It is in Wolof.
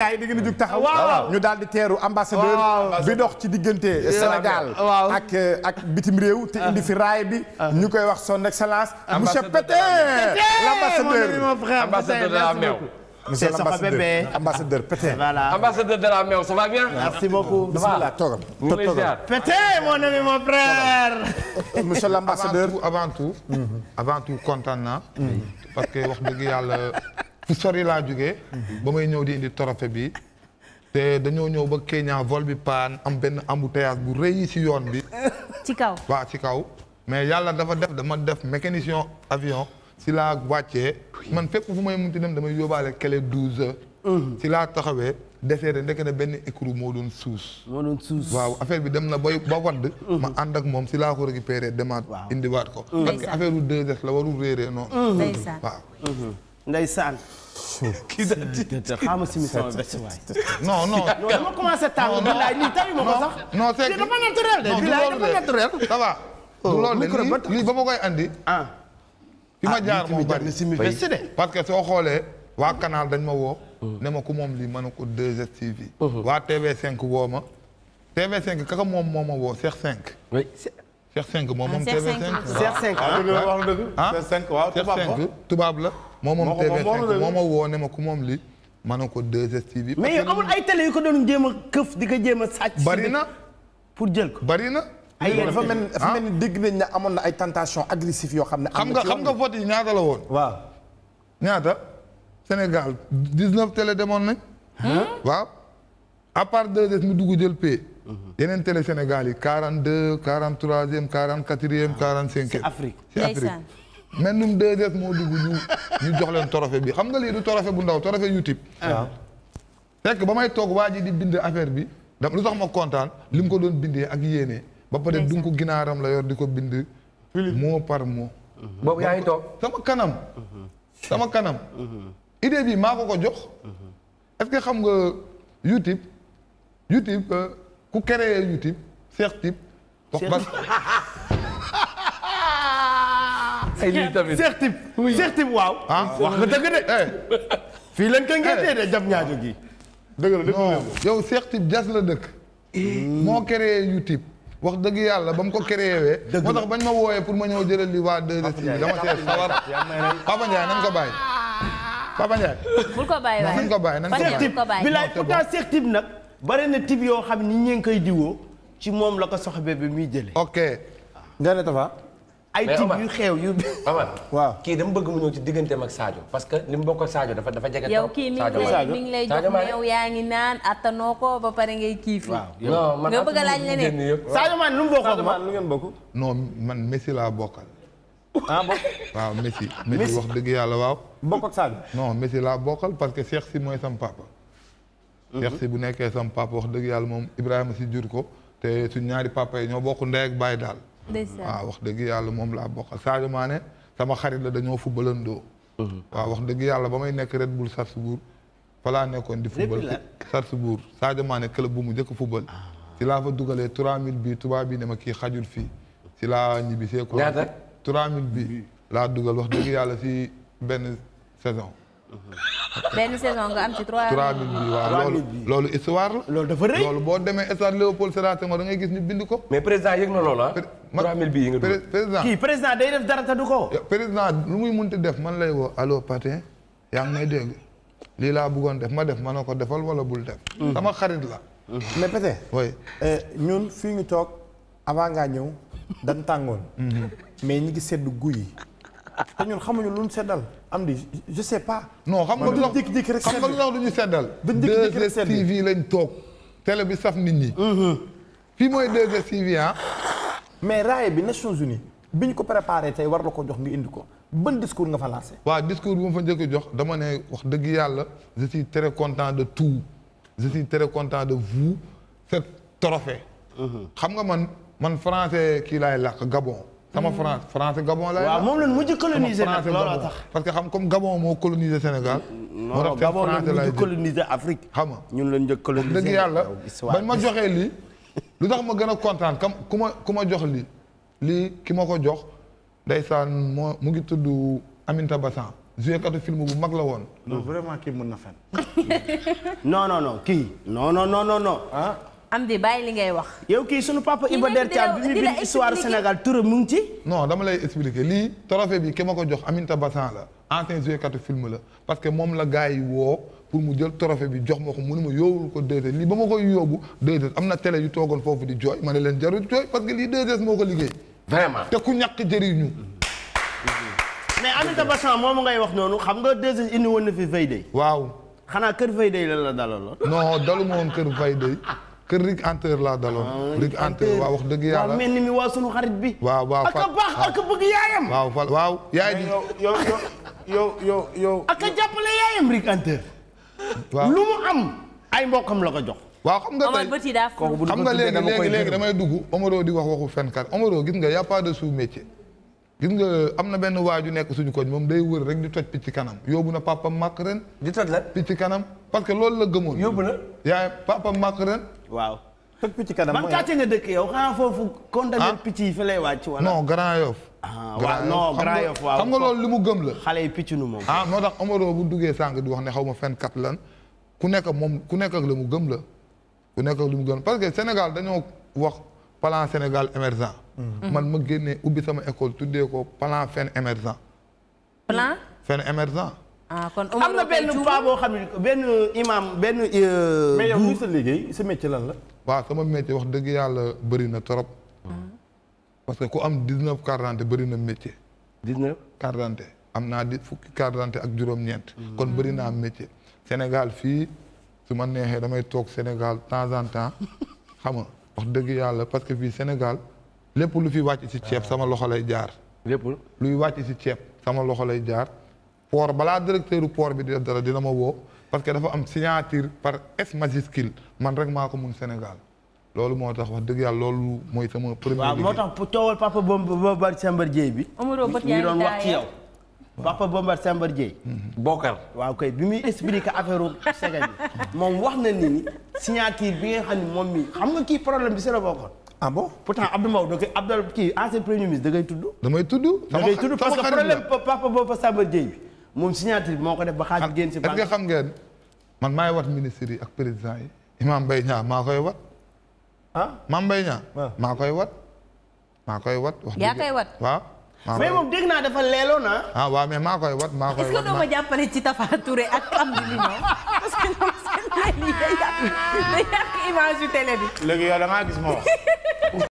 gaay da ngeen a jug taxaw ñu daal di teeru ambassadeur bi dox ci diggante Sénégal ak euh, ak bitim réew te indi fi raay bi ah. Ah. ñu koy wax son excellence monsieur Pétain l'ambassadeur de la meew monsieur l'ambassadeur ambassadeur Pétain voilà ambassadeur de la meew ça va bien merci beaucoup bismillah mon ami mon frère monsieur l'ambassadeur avant tout avant mm-hmm. dëgg yàlla fu sori laa jóge ba may ñëw di indi trophée bi. te dañoo ñëw ba Kenya vol bi paan am benn embouteillage bu rëy ci yoon bi. ci kaw waaw ci kaw. mais yàlla dafa def dama def mécanicien avion si laa wàccee man fépp fu may munti dem damay yóbbaale kele douze heures. si laa taxawee. defee de ndekk ne benn écrou moo doon suus. moo doon suus waaw affaire bi dem na ba ba wadd. ma ànd ak moom si laa ko récupéré demaat. indiwaat ko. parce que affaire u la warul réeree noonu. waaw. ndeysaan. kii da ma si mission bi. non non. non dama commencé tàng. bilaay lii tawi ma ko sax. non c'est dafa naturel de. bilaay dafa naturel. ça va. Oh, loolu lii ba ma koy andi. ah fi ah, jaar moo bari parce que soo xoolee. waa canal dañ ma woo. ne ma ku moom lii ma ko 2STV. Uh-huh. waa TV5 woo ma. TV5 kaka moom moo ma woo Cheikh 5. oui Cheikh 5 moom ah, moom. TV5 Cheikh 5 ah, ah. Cheikh 5 waaw tubaab la. moo moom TV5 moo ma woo ne ma ku moom li ma ne ko 2STV. mais yow amul ay télé yu ko doon jéem a këf di ko jéem a sàcc. bari na pour jël ko bari na. ay dafa mel ni dafa ah? mel ni dégg nañ ne amoon na ay tentation agressive yoo xam ne. am na ci xam nga xam nga vote yi ñaata la woon. waaw ñaata. Sénégal 19 télé demoon nañ. waaw à part 2S mu dugg jël paie. yeneen télé Sénégal yi 42 43e 44e 45e. c'est Afrique c'est Afrique. mennum 2S moo dugg ñu ñu jox leen trophée bi xam nga lii du trophée bu ndaw trophée YouTube. Ah. waaw fekk ba may toog waa ji di bind affaire bi da lu tax ma kontaan li mu ko doon bindee ak yéene. ba pare du ginaaram la yor di ko bind. mot par mot. Mhm. boobu yaa ngi toog sama kanam. Mhm. sama kanam. Mhm. idée bi maa ko ko jox. est-ce que xam nga YouTube YouTube euh, ku créé YouTube Cheikh Tip. Cheikh ay lii tamit waaw. ah wax nga dëgg de. Eh. fii lañ koy ngeen de jam ñaajo gi. dëgg la dëgg la yow certib jas la dëkk. Hmm. moo créé YouTube. wax dëgg yàlla ba mu ko créé. dëgg moo tax bañ ma wooyee pour ma ñëw jëlal li waa 2STV dama see sawar. Papa Ndiaye nañ ko bàyyi. Papa Ndiaye. bul ko bàyyi waaye nag. bare na tib yoo xam ni ñee ngi koy diwoo ci moom la ko soxbee bi muy jëlee. ok nga ne ay tibb yu xeew yu. waaw kii dama bëgg mu ñëw ci digganteem ak Sadio parce que ni mu bokk ak Sadio dafa dafa jege. Sadio kii mi lay jox meew yaa ngi naan attanoo ko ba pare ngay kii fii. non man nga Messi laa bokkal. ah bokk waaw Messi. Messi wax dëgg yàlla waaw. bokk ak Sadio. non Messi laa bokkal parce que Cheikh si mooy sam papa. Mhm. Cheikh bu nekkee sam wax dëgg yàlla moom Ibrahima si jur ko te suñ ñaari papa yi ñoo bokk ndey ak baay daal waa wax dëgg yàlla moom laa bokkal Sadio maane sama xarit la dañoo fubalandoo mhm. waaw wax dëgg yàlla ba may nekk Red Bull Salzbourg fa laa nekkoon di fubal Salzbourg Sadio maane club bu mu njëkk fubal ah. ci laa fa dugalee trois mille bi tubaab bi ne ma kii xajul fii ci laa ñibbisee ko trois mille bi laa dugal wax dëgg yàlla si benn saison benn saison nga am ci trois mille bi waaw loolu loolu histoire loolu dafa rëy loolu boo demee stade Léopold Sédar Senghor da ngay gis ni bind ko. mais président yëg na loola. Ah? trois mille bii yi nga dugg président président day def dara te ko. président lu muy munti def man lay woo allo Patin yaa ngi may dégg lii laa bëggoon def ma def ma ne ko defal wala bul def. Mm-hmm. sama xarit la. Mm-hmm. mais Patin. oui euh, ñun fii ñu toog avant ngaa ñëw dan tàngoon. Mm-hmm. mais ñi ngi sedd guy. te ñun xamuñu lu ñu seddal am di je sais pas. non xam nga lu tax xam nga lu tax du seddal. duñ jékki-jékki rek seddal 2STV lañ toog télé bi saf nit ñi. Mm-hmm. fii mooy 2STV ah. mais raay bi Nations Unies bi ñu ko préparé tey war la ko jox nga indi ko ban discours nga fa lancé. waaw discours bu fa njëkk jox dama ne wax dëgg yàlla je suis de tout je suis très content de vous ce trophée. Mm-hmm. xam nga man man français kii laay làkk Gabon. sama France France Gabon lay. waaw moom la mujj coloniser nag looloo tax parce que xam comme Gabon moo coloniser Sénégal. moo tax Gabon la mujj coloniser a kontaan kam ku ma ku ma jox lii lii ki ma ko jox ndeysaan moo mu ngi tudd Aminta Bassan joué katu film bu mag la woon. non vraiment kii mën na fen am di bàyyi li ngay wax. yow kii sunu papa Iba Der Thiam bi histoire Sénégal turam mu ci. no dama lay expliquer lii trophée bi ki ma ko jox Aminata Bassan la ancien joueur katu film la parce que moom la gars yi woo pour mu jël trophée bi jox ma ko mënu ma yóbbu ko 2S lii ba ma koy yóbbu 2S am na télé yu toogoon foofu di jooy ma ne leen jarul jooy parce que lii 2S moo ko liggéey. te ku ñàkk jëriñu. mais Aminata Bassan moom ngay wax noonu xam nga 2 indi woon na fi Veille waaw xanaa kër Veille Day lan la dalaloon. non dalu ma woon kër Veille Day kër rig anteur laa daloon ah, rig anteur waaw wax dëgg yàlla mel ni waa sunu xarit bi waaw waaw ak yaayam waaw fal waaw yaay ji yow yow yow yow ak a jàppale yaayam rig anteur waaw am ay mbokam la jox waaw xam nga tey xam nga léegi léegi léegi damay dugg Omaro di wax waxu fenkat Omaro gis nga y a pas de gis nga am na benn waaju nekk suñu koñ moom day wër rek di toj picc kanam yobu na papa màkk ren di toj la picc kanam parce que loolu la gëmoon yóbbu na yaay màkk ren waaw toj picc kanam man kàcce nga dëkk yow xanaa foofu condamné ah. picc yi fi lay wàcc wala non Grand Yoff ah, waaw non Grand Yoff xam nga loolu li mu gëm la xale yi picc nu moom ah moo tax Omaro bu duggee sànq di wax ne xaw ma fenn kat lan ku nekk moom ku nekk ak la mu gëm la ku nekk lu mu gëm parce que Sénégal dañoo wax plan Sénégal émergent mhm. man ma génnee ubbi sama école tuddee ko plan fen émergent plan fen émergent ah kon am na benn paa boo xam ne benn imam benn. Euh, mais yow sa liggéey sa métier lan la. waa sama métier wax dëgg yàlla bëri na trop. Ah. parce que ku am dix neuf carte d'identité bëri na métier. dix neuf am naa di fukki carte ak juróom-ñeent. Hmm. kon bëri naa métier. Sénégal fii su ma neexee damay toog Sénégal temps en temps xam nga wax dëgg yàlla parce que fii Sénégal lépp lu fi wàcc ci ceeb ah. sama loxo lay jaar. lépp luy wàcc ci ceeb sama loxo lay jaar. port balaa directeur du port bi di def dara dina ma woo parce que dafa am signature par S majuscule man rek maa ko mun Sénégal loolu moo tax wax dëgg yàlla loolu mooy sama. premier waaw moo tax coowal Papa Bombar Sambar Dieye bi. Amadou Bot yaa ngi wax ci yow. Papa Bombar Sambar Dieye. Mhm. Bokar waaw kay bi muy expliquer affaire Sega bi moom wax na ni signature bi nga xam ne moom mi xam nga kii problème bi si la bokkoon. ah bon pourtant Abdou Mbow da koy Abdou tudd. damay tudd. da ngay parce que problème Papa Bombar Sambar Dieye moom signature bi moo ko def ba xaaj génn si banque nga man maay wat ministre yi ak président yi Imam Mbaye Niang maa koy wat ah Mame Mbaye ah. maa koy wat maa koy wat yaa koy wat waaw mais moom dégg naa dafa leeloon ah. ah waaw maa koy wat maa koy wat est-ce que doo ma jàppale ci Tafa ak Amady Mignon parce que ñoom seen léegi day yàq day yàq léegi yow da gis ma wax.